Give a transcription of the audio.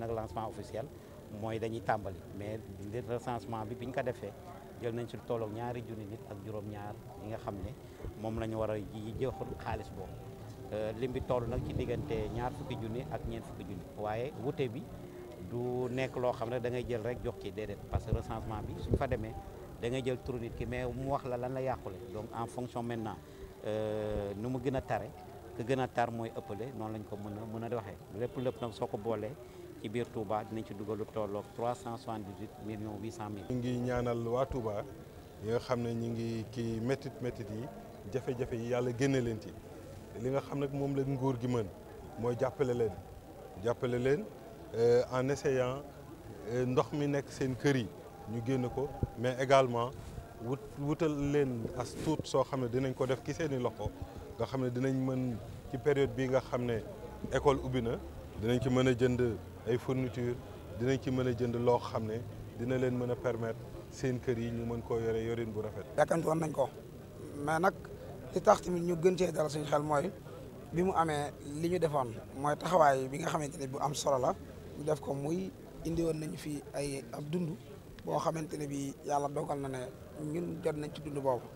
nag lancement officiel mooy dañuy tàmbali mais li recensement bi bi ñu ko defee jël nañ ci tolloog ñaari junni nit ak juróom-ñaar yi nga xam ne moom la ñu war a ji jox xaalis boobu euh, lim bi toll nag ci diggante ñaar fukki junni ak ñeent fukki junni waaye wute bi du nekk loo xam ne da ngay jël rek jox ki déedéet parce que recensement bi suñ fa demee da ngay jël turu nit ki mais mu wax la lan la yàqule donc en fonction maintenant euh, nu mu gën a tare ke gën a tar mooy ëppale noonu lañ ko mën mën a ci biir Touba dinañ ci dugal lu tolloog trois cent soixante-dix-huit millions huit cent mille. ñu ngi ñaanal waa Touba yi nga xam ne ñu ngi kii métit métit yi jafe-jafe yi yàlla génne leen ci li nga xam ne moom la nguur gi mën mooy jàppale leen jàppale leen euh, en essayant euh, ndox mi nekk seen kër yi ñu génn ko mais également wut wutal leen as tuut soo xam ne dinañ ko def ki seen i loxo nga xam ne dinañ mën ci période bi nga xam ne école ubbi na dinañ ci mën a jënd. ay fourniture dinañ ci mën a jënd loo xam ne dina leen mën a permettre seen kër yi ñu mën koo yore yorin bu rafet. yàkkamti woon nañ ko mais nag li tax tamit ñu gën cee dara suñu xel mooy bi mu amee li ñu defoon mooy taxawaay bi nga xamante ne bu am solo la ñu def ko muy indi woon nañu fi ay ab dund boo xamante ne bi yàlla dogal na ne ñun jot nañ ci dund boobu.